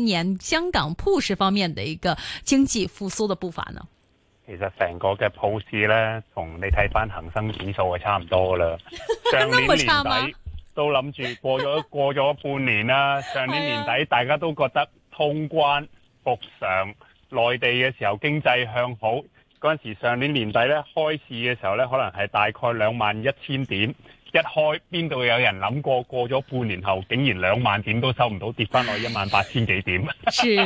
今年香港鋪市方面的一個經濟復蘇的步伐呢？其實成個嘅鋪市呢，同你睇翻恒生指數係差唔多噶啦。上年年底 都諗住過咗過咗半年啦。上年年底 大家都覺得通關復常， 內地嘅時候經濟向好，嗰陣時上年年底咧開市嘅時候咧，可能係大概兩萬一千點。一開邊度有人諗過？過咗半年後，竟然兩萬點都收唔到，跌翻落一萬八千幾點。 係，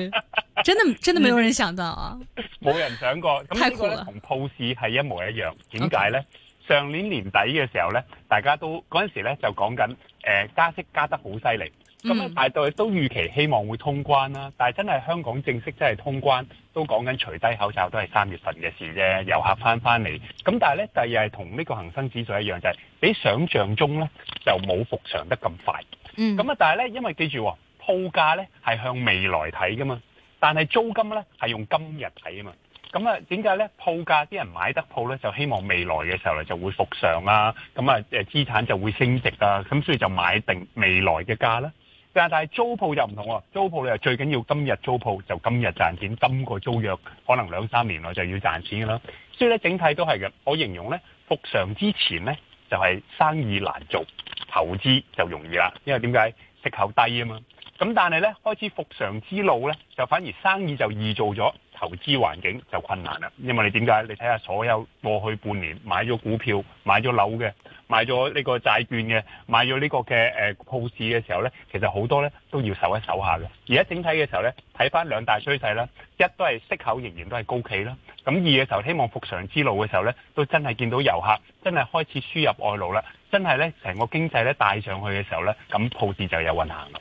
真係真係冇人想到啊！冇、嗯、人想過，咁呢同鋪市係一模一樣。點解呢？Okay. 上年年底嘅時候呢，大家都嗰陣時呢就講緊誒加息加得好犀利。咁啊，大隊都預期希望會通關啦，但係真係香港正式真係通關，都講緊除低口罩都係三月份嘅事啫。遊客翻翻嚟，咁但係咧，第二係同呢個恆生指數一樣，就係比想像中咧就冇復常得咁快。嗯，咁啊，但係咧，因為記住鋪價咧係向未來睇噶嘛，但係租金咧係用今日睇啊嘛。咁啊，點解咧？鋪價啲人買得鋪咧，就希望未來嘅時候咧就會復常啊，咁啊誒資產就會升值啊，咁所以就買定未來嘅價啦。但係，租鋪就唔同喎。租鋪你最緊要今日租鋪就今日賺錢，今個租約可能兩三年內就要賺錢噶啦。所以咧，整體都係嘅。我形容呢，復常之前呢，就係、是、生意難做，投資就容易啦。因為點解息口低啊嘛？咁但係咧，開始復常之路咧，就反而生意就易做咗，投資環境就困難啦。因為你點解？你睇下所有過去半年買咗股票、買咗樓嘅、買咗呢個債券嘅、買咗呢、這個嘅誒鋪市嘅時候咧，其實好多咧都要手一手下嘅。而家整體嘅時候咧，睇返兩大趨勢啦，一都係息口仍然都係高企啦。咁二嘅時候，希望復常之路嘅時候咧，都真係見到遊客真係開始輸入外勞啦，真係咧成個經濟咧帶上去嘅時候咧，咁鋪市就有運行啦。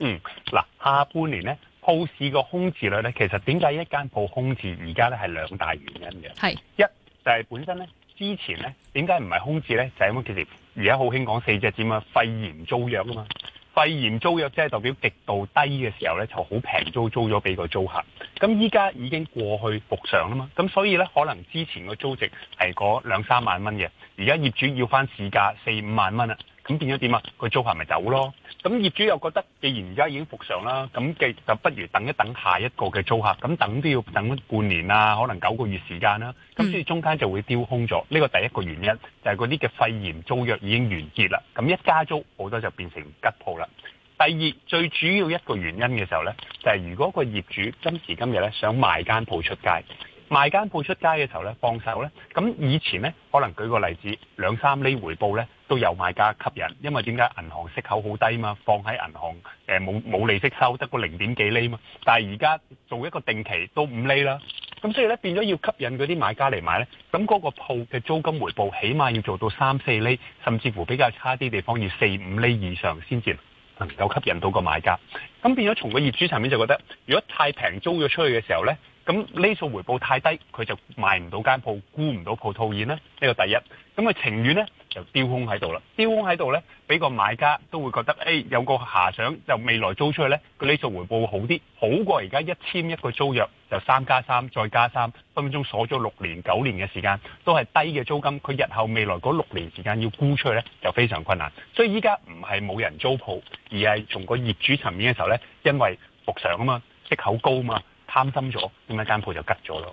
嗯，嗱，下半年咧，鋪市個空置率咧，其實點解一間鋪空置而家咧係兩大原因嘅，係是一就係、是、本身咧，之前咧點解唔係空置咧，就係因為其實而家好興講四隻字啊，肺炎租約啊嘛，肺炎租約即係代表極度低嘅時候咧，就好平租租咗俾個租客，咁依家已經過去復上啦嘛，咁所以咧可能之前個租值係嗰兩三萬蚊嘅，而家業主要翻市價四五萬蚊咁變咗點啊？個租客咪走咯。咁業主又覺得，既然而家已經復常啦，咁既就不如等一等下一個嘅租客。咁等都要等半年啊，可能九個月時間啦。咁所以中間就會丟空咗。呢個第一個原因就係嗰啲嘅肺炎租約已經完結啦。咁一加租好多就變成吉鋪啦。第二最主要一個原因嘅時候呢，就係如果個業主今時今日呢想賣間鋪出街，賣間鋪出街嘅時候呢，放手呢。咁以前呢，可能舉個例子，兩三厘回報呢。都有賣家吸引，因為點解銀行息口好低嘛，放喺銀行誒冇冇利息收，得個零點幾厘嘛。但係而家做一個定期都五厘啦，咁所以咧變咗要吸引嗰啲買家嚟買咧，咁嗰個鋪嘅租金回報起碼要做到三四厘，甚至乎比較差啲地方要四五厘以上先至能夠吸引到個買家。咁變咗從個業主層面就覺得，如果太平租咗出去嘅時候咧，咁厘數回報太低，佢就賣唔到間鋪，估唔到，到鋪套現啦。呢、這個第一，咁佢情願咧。就丟空喺度啦，丟空喺度呢，俾個買家都會覺得，誒、欸、有個遐想就未來租出去呢，佢呢數回報好啲，好過而家一簽一個租約就三加三再加三，分分鐘鎖咗六年九年嘅時間，都係低嘅租金，佢日後未來嗰六年時間要沽出去呢，就非常困難，所以依家唔係冇人租鋪，而係從個業主層面嘅時候呢，因為復常啊嘛，息口高啊嘛，貪心咗，咁一間鋪就吉咗咯。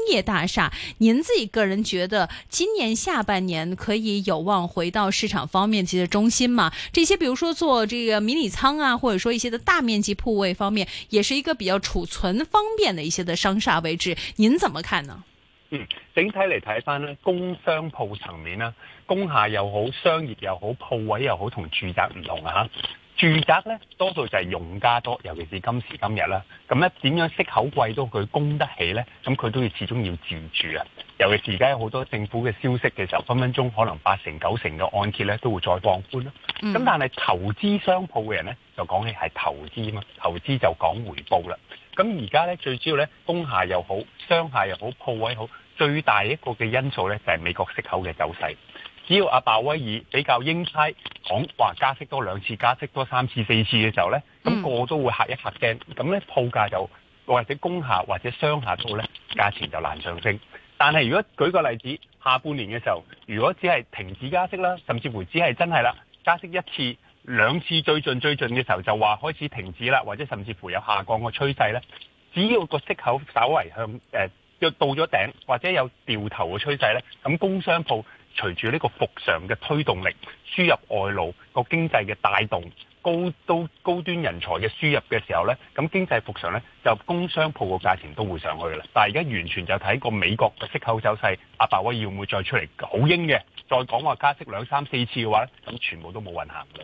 業大廈，您自己個人覺得今年下半年可以有望回到市場方面嘅中心嗎？這些比如說做這個迷你倉啊，或者說一些的大面積鋪位方面，也是一個比較儲存方便的一些的商廈位置，您怎麼看呢？嗯，整體嚟睇翻呢，工商鋪層面啦、啊，工廈又好，商業又好，鋪位又好，同住宅唔同啊。住宅咧多數就係用家多，尤其是今時今日啦。咁咧點樣息口貴到佢供得起咧？咁佢都要始終要自住啊。尤其是而家有好多政府嘅消息嘅時候，分分鐘可能八成九成嘅按揭咧都會再放寬咯。咁、嗯、但係投資商鋪嘅人咧就講起係投資嘛，投資就講回報啦。咁而家咧最主要咧，工廈又好，商廈又好，鋪位好，最大一個嘅因素咧就係美國息口嘅走勢。只要阿鮑威爾比較鷹派講話加息多兩次、加息多三次、四次嘅時候呢，咁、嗯、個都會嚇一嚇驚。咁呢鋪價就或者工廈或者商廈鋪呢，價錢就難上升。但係如果舉個例子，下半年嘅時候，如果只係停止加息啦，甚至乎只係真係啦加息一次、兩次最盡最盡嘅時候，就話開始停止啦，或者甚至乎有下降嘅趨勢呢。只要個息口稍為向誒、呃、到咗頂，或者有掉頭嘅趨勢呢，咁工商鋪。隨住呢個復常嘅推動力，輸入外勞、個經濟嘅帶動，高都高端人才嘅輸入嘅時候呢，咁經濟復常呢，就工商鋪嘅價錢都會上去嘅啦。但係而家完全就睇個美國嘅息口走勢，阿伯威要唔會再出嚟？好鷹嘅，再講話加息兩三四次嘅話呢，咁全部都冇運行嘅。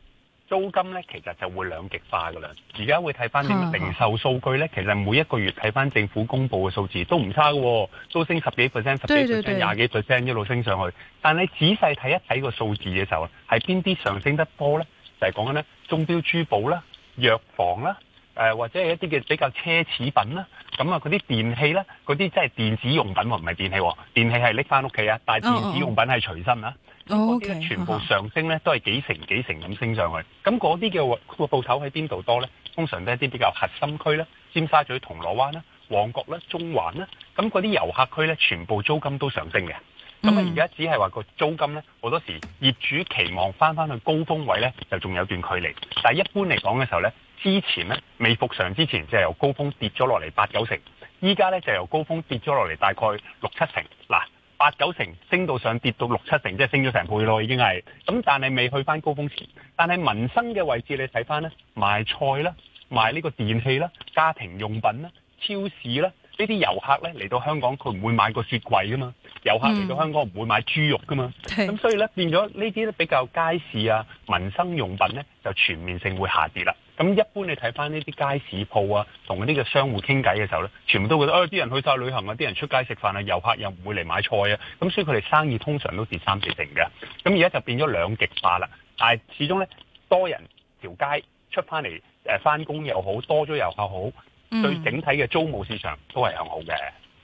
租金咧，其實就會兩極化噶啦。而家會睇翻啲零售數據咧，其實每一個月睇翻政府公布嘅數字都唔差喎、哦，都升十幾 percent、十幾 percent、廿幾 percent 一路升上去。但你仔細睇一睇個數字嘅時候，係邊啲上升得多咧？就係講緊咧，鐘表珠寶啦，藥房啦。誒或者係一啲嘅比較奢侈品啦，咁啊嗰啲電器咧，嗰啲即係電子用品唔係電器喎，電器係拎翻屋企啊，但係電子用品係隨身啊，嗰啲、oh, oh. oh, okay. 全部上升咧都係幾成幾成咁升上去，咁嗰啲嘅個鋪頭喺邊度多咧？通常都係啲比較核心區啦，尖沙咀銅鑼灣啦、旺角啦、中環啦，咁嗰啲遊客區咧，全部租金都上升嘅。咁啊而家只係話個租金咧，好多時業主期望翻翻去高峰位咧，就仲有段距離，但係一般嚟講嘅時候咧。之前呢未復常之前，就由高峰跌咗落嚟八九成。依家呢，就由高峰跌咗落嚟，大概六七成嗱。八九成升到上，跌到六七成，即係升咗成倍咯，已經係咁。但係未去返高峰時，但係民生嘅位置你睇返呢，賣菜啦，賣呢個電器啦，家庭用品啦，超市啦，呢啲遊客呢嚟到香港佢唔會買個雪櫃㗎嘛，遊客嚟到香港唔會買豬肉㗎嘛，咁、嗯、所以呢，變咗呢啲比較街市啊民生用品呢，就全面性會下跌啦。咁一般你睇翻呢啲街市鋪啊，同嗰啲嘅商戶傾偈嘅時候咧，全部都覺得，哦、哎，啲人去晒旅行啊，啲人出街食飯啊，遊客又唔會嚟買菜啊，咁所以佢哋生意通常都跌三四成嘅。咁而家就變咗兩極化啦，但係始終咧多人條街出翻嚟，誒，翻工又好，多咗遊客好，嗯、對整體嘅租務市場都係向好嘅。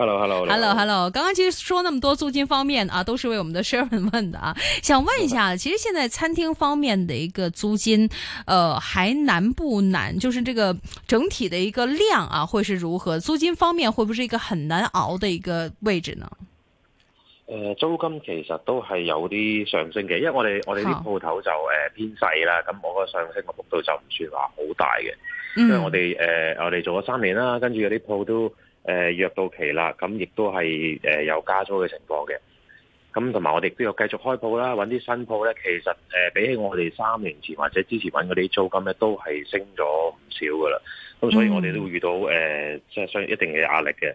Hello，Hello，Hello，Hello，剛剛其實說那麼多租金方面啊，都是為我們的 Sherman 問的啊。想問一下，其實現在餐廳方面的一個租金，呃，還難不難？就是這個整體的一個量啊，會是如何？租金方面會不是一個很難熬的一個位置呢？誒、呃，租金其實都係有啲上升嘅，因為我哋我哋啲鋪頭就誒、呃、偏細啦，咁好我個上升嘅幅度就唔算話好大嘅，嗯、因為我哋誒、呃、我哋做咗三年啦，跟住有啲鋪都。誒，約到期啦，咁亦都係誒有加租嘅情況嘅。咁同埋我哋都要繼續開鋪啦，搵啲新鋪咧，其實誒、呃、比起我哋三年前或者之前搵嗰啲租金咧，都係升咗唔少噶啦。咁所以我哋都會遇到誒即係相一定嘅壓力嘅。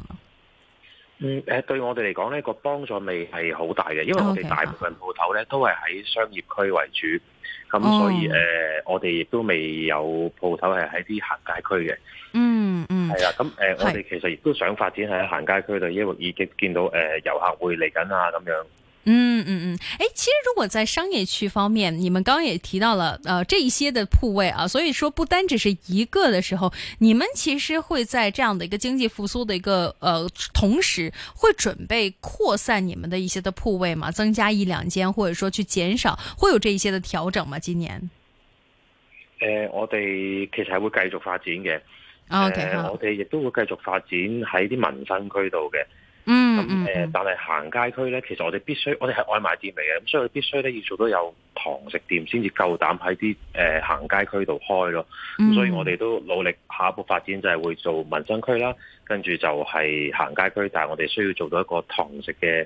嗯、呃，對我哋嚟講呢個幫助未係好大嘅，因為我哋大部分鋪頭呢都係喺商業區為主，咁 Okay. 所以、oh. 呃、我哋亦都未有鋪頭係喺啲行街區嘅。嗯嗯、mm-hmm，係啦，咁、呃、我哋其實亦都想發展喺行街區度，因為已經見到呃、遊客會嚟緊啊咁樣。嗯嗯嗯，哎、嗯，其實如果在商業區方面，你們剛剛也提到了呃這一些的鋪位啊，所以說不單只是一個的時候，你們其實會在這樣的一個經濟復蘇的一個呃同時，會準備擴散你們的一些的鋪位嘛，增加一兩間，或者說去減少，會有這一些的調整嗎？今年？誒、呃，我哋其實係會繼續發展嘅，OK 好、呃、我哋亦都會繼續發展喺啲民生區度嘅。嗯，咁、嗯、誒，嗯嗯、但係行街區咧，其實我哋必須，我哋係外賣店嚟嘅，咁所以我哋必須咧，要做到有堂食店夠膽，先至夠膽喺啲誒行街區度開咯。嗯、所以我哋都努力下一步發展就係會做民生區啦，跟住就係行街區，但係我哋需要做到一個堂食嘅。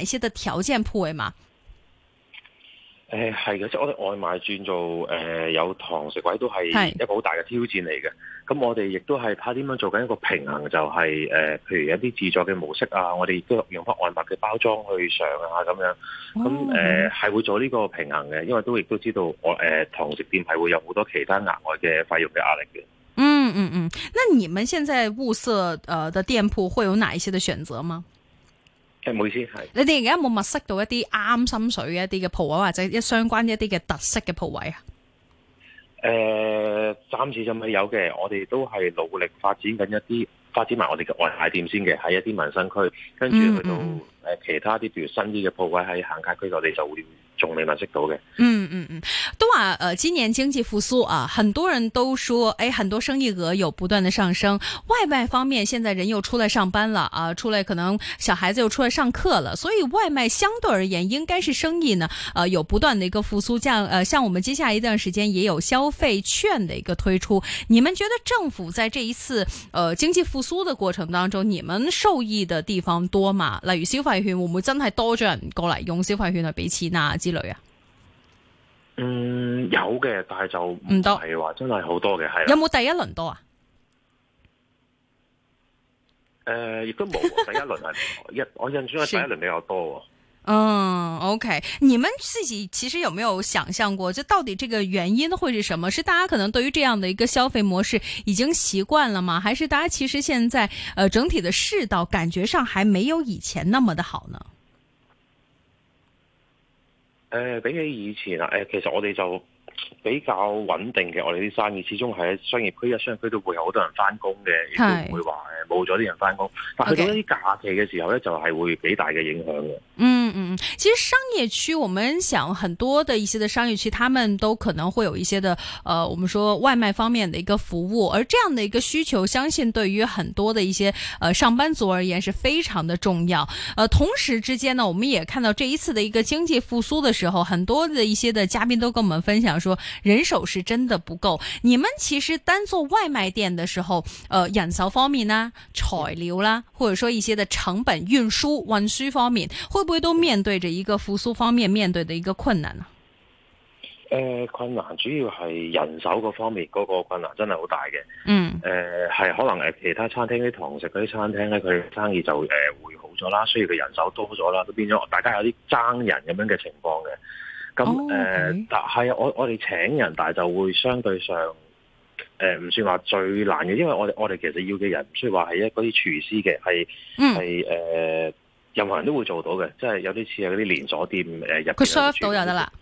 一些的條件鋪位嘛？誒係嘅，即係我哋外賣轉做誒、呃、有堂食位都係一個好大嘅挑戰嚟嘅。咁是我哋亦都係怕點樣做緊一個平衡，就係、是、誒、呃，譬如一啲自助嘅模式啊，我哋都用翻外賣嘅包裝去上啊，咁樣咁誒係會做呢個平衡嘅。因為都亦都知道我誒、呃、堂食店係會有好多其他額外嘅費用嘅壓力嘅、嗯。嗯嗯嗯，那你們現在物色誒的店鋪會有哪一些的選擇嗎？誒，唔好意思，係你哋而家有冇物色到一啲啱心水嘅一啲嘅鋪位，或者一相關一啲嘅特色嘅鋪位啊？誒、呃，暫時就未有嘅，我哋都係努力發展緊一啲發展埋我哋嘅外賣店先嘅，喺一啲民生區，跟住去到誒其他啲譬如新啲嘅鋪位喺行街區我哋就會。仲未落實到嘅。嗯嗯嗯，都話呃今年經濟復甦啊，很多人都說，誒、哎，很多生意額有不斷的上升。外賣方面，現在人又出來上班了啊，出來可能小孩子又出來上課了，所以外賣相對而言應該是生意呢，呃有不斷的一個復甦。像呃像我們接下來一段時間也有消費券的一個推出，你們覺得政府在這一次呃經濟復甦的過程當中，你們受益的地方多嗎？那與消費券會唔會真係多咗人過來，用消費券嚟比起那。之類啊，嗯，有嘅，但係就唔多係話真係好多嘅，係有冇第一輪多啊？誒、呃，亦都冇第一輪係 一，我印象第一輪比較多。是嗯，OK，你們自己其實有沒有想象過，就到底這個原因會是什麼？是大家可能對於這樣的一個消費模式已經習慣了嗎？還是大家其實現在，呃，整體的世道感覺上還沒有以前那麼的好呢？誒、呃、比起以前啊，誒、呃、其實我哋就，比較穩定嘅，我哋啲生意始終喺商業區，一商業區都會有好多人返工嘅，亦都唔會話誒冇咗啲人返工。但係喺啲假期嘅時候咧，Okay. 就係會幾大嘅影響嘅。嗯嗯，其實商業區，我們想很多的一些的商業區，他們都可能會有一些的，呃，我們說外賣方面的一個服務，而這樣的一個需求，相信對於很多的一些，呃，上班族而言是非常的重要。呃，同時之間呢，我們也看到這一次的一個經濟復蘇的時候，很多的一些的嘉賓都跟我們分享說。人手是真的不夠。你們其實單做外賣店的時候，呃，人手方面啦、啊、材料啦、啊，或者說一些的成本、運輸、運輸方面，會不會都面對着一個復蘇方面面對的一個困難、啊呃、困難主要係人手個方面，嗰、那個困難真係好大嘅。嗯。誒、呃，係可能誒，其他餐廳啲堂食啲餐廳呢，佢生意就誒會好咗啦，需要嘅人手多咗啦，都變咗大家有啲爭人咁樣嘅情況嘅。咁、嗯 oh, okay. 但係啊，我我哋請人，但係就會相對上誒，唔、呃、算話最難嘅，因為我哋我哋其實要嘅人，唔需要話係一個啲廚師嘅，係、嗯呃、任何人都會做到嘅，即係有啲似啊嗰啲連鎖店誒入佢 serve 到就得啦。嗯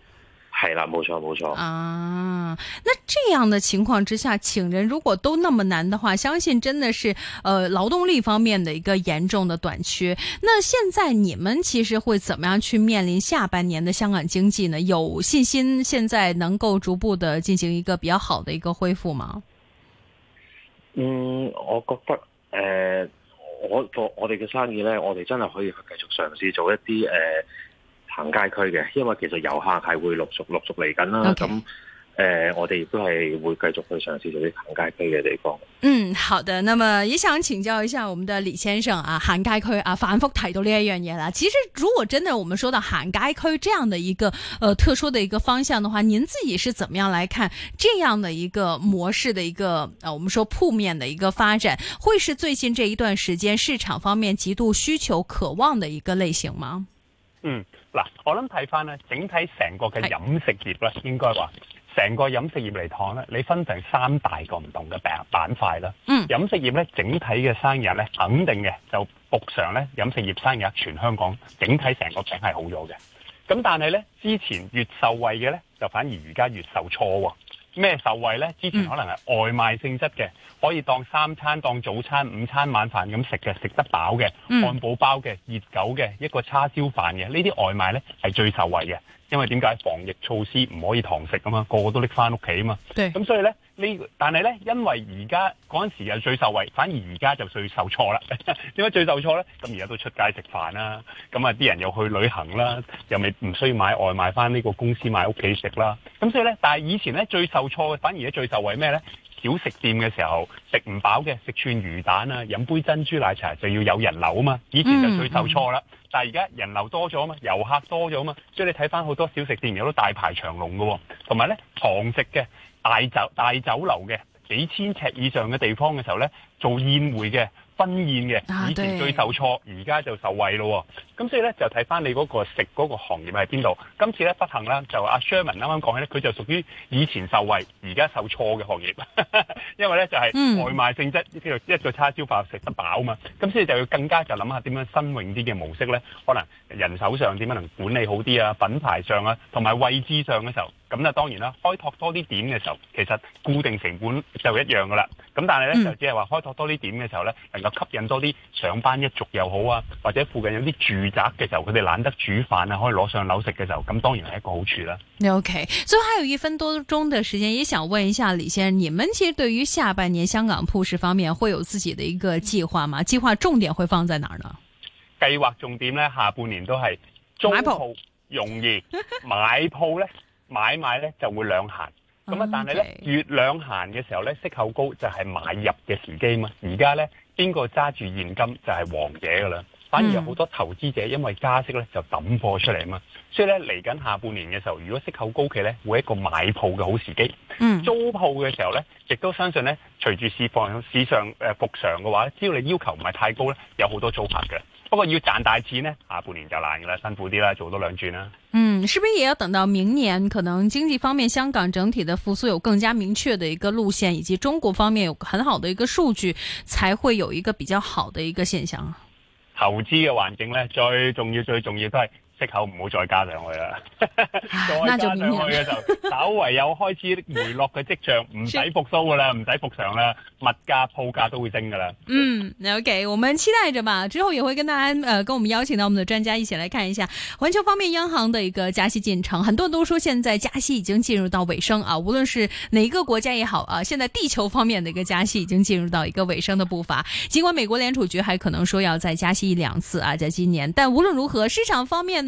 係啦，冇錯冇錯。錯啊，那這樣的情況之下，請人如果都那麼難的話，相信真的是，呃，勞動力方面的一個嚴重的短缺。那現在你們其實會怎麼樣去面臨下半年的香港經濟呢？有信心現在能夠逐步的進行一個比較好的一個恢復嗎？嗯，我覺得，誒、呃，我做我哋嘅生意呢，我哋真係可以去繼續嘗試做一啲，誒、呃。行街區嘅，因為其實遊客係會陸續陸續嚟緊啦。咁誒，我哋亦都係會繼續去嘗試做啲行街區嘅地方。嗯，好的。那麼也想請教一下我們的李先生啊，行街區啊，反复提到呢一樣嘢啦。其實如果真的我們說到行街區這樣的一個誒、呃、特殊的一個方向的話，您自己是怎麼樣來看這樣的一個模式的一個啊？我們說鋪面的一個發展，會是最近這一段時間市場方面極度需求渴望的一個類型嗎？嗯。嗱，我諗睇翻咧，整體成個嘅飲食業咧，應該話成個飲食業嚟講咧，你分成三大個唔同嘅板板塊啦。嗯，飲食業咧，整體嘅生意咧，肯定嘅就北上咧，飲食業生意全香港整體成個餅係好咗嘅。咁但係咧，之前越受惠嘅咧，就反而而家越受挫喎、哦。咩受惠呢？之前可能係外賣性質嘅，嗯、可以當三餐、當早餐、午餐、晚飯咁食嘅，食得飽嘅，嗯、漢堡包嘅、熱狗嘅、一個叉燒飯嘅，呢啲外賣呢係最受惠嘅，因為點解？防疫措施唔可以堂食啊嘛，個個都拎翻屋企啊嘛，咁對所以呢。呢？但係呢，因為而家嗰陣時又最受惠，反而而家就最受挫啦。點解最受挫呢？咁而家都出街食飯啦，咁啊啲人又去旅行啦，又咪唔需要買外賣翻呢個公司買屋企食啦。咁所以呢，但係以前呢最受挫嘅，反而最受惠咩呢？小食店嘅時候食唔飽嘅，食串魚蛋啊，飲杯珍珠奶茶就要有人流啊嘛。以前就最受挫啦，嗯、但係而家人流多咗嘛，遊客多咗嘛，所以你睇翻好多小食店有好多大排長龍㗎喎、哦，同埋呢堂食嘅。大酒大酒樓嘅幾千尺以上嘅地方嘅時候咧，做宴會嘅婚宴嘅，以前最受挫，而家就受惠咯喎、哦。咁、啊、所以咧就睇翻你嗰個食嗰個行業喺邊度。今次咧不幸啦，就阿、啊、Sherman 啱啱講起咧，佢就屬於以前受惠，而家受挫嘅行業。 因為咧就係、是、外賣性質，叫、嗯、一個叉燒飯食得飽嘛。咁所以就要更加就諗下點樣新穎啲嘅模式咧，可能人手上點樣能管理好啲啊，品牌上啊，同埋位置上嘅時候。咁啊，當然啦！開拓多啲點嘅時候，其實固定成本就一樣噶啦。咁但係咧，嗯、就只係話開拓多啲點嘅時候咧，能夠吸引多啲上班一族又好啊，或者附近有啲住宅嘅時候，佢哋懶得煮飯啊，可以攞上樓食嘅時候，咁當然係一個好處啦。OK，所以還有一分多鐘嘅時間，也想問一下李先生，你們其實對於下半年香港鋪市方面，會有自己的一個計劃嗎？計劃重點會放在哪呢？計劃重點咧，下半年都係租鋪容易，買鋪泡咧。 買賣咧就會兩閒，咁啊但係咧越兩閒嘅時候咧，息口高就係買入嘅時機嘛。而家咧邊個揸住現金就係王者噶啦，反而有好多投資者因為加息咧就抌貨出嚟啊嘛。所以咧嚟緊下半年嘅時候，如果息口高企咧，會係一個買鋪嘅好時機。嗯，mm. 租鋪嘅時候咧，亦都相信咧，隨住市況、市場誒、呃、復常嘅話，只要你要求唔係太高咧，有好多租客嘅。不過要賺大錢呢，下半年就難嘅啦，辛苦啲啦，做多兩轉啦。嗯，是不是也要等到明年？可能經濟方面香港整體的復甦有更加明確的一個路綫，以及中國方面有很好的一個數據，才會有一個比較好的一個現象啊。投資嘅環境呢，最重要最重要都係。息口唔好再加上去啦，再就稍微有開始回落嘅跡象，唔使復甦噶啦，唔使復常啦，物價、鋪價都會升噶啦、 嗯。嗯，OK，我們期待着吧。之後也會跟大家，呃，跟我們邀請到我們的專家一起來看一下環球方面央行的一個加息進程。很多人都說，現在加息已經進入到尾聲啊。無論是哪一個國家也好啊，現在地球方面的一個加息已經進入到一個尾聲的步伐。盡管美國聯儲局還可能說要再加息一兩次啊，在今年，但無論如何，市場方面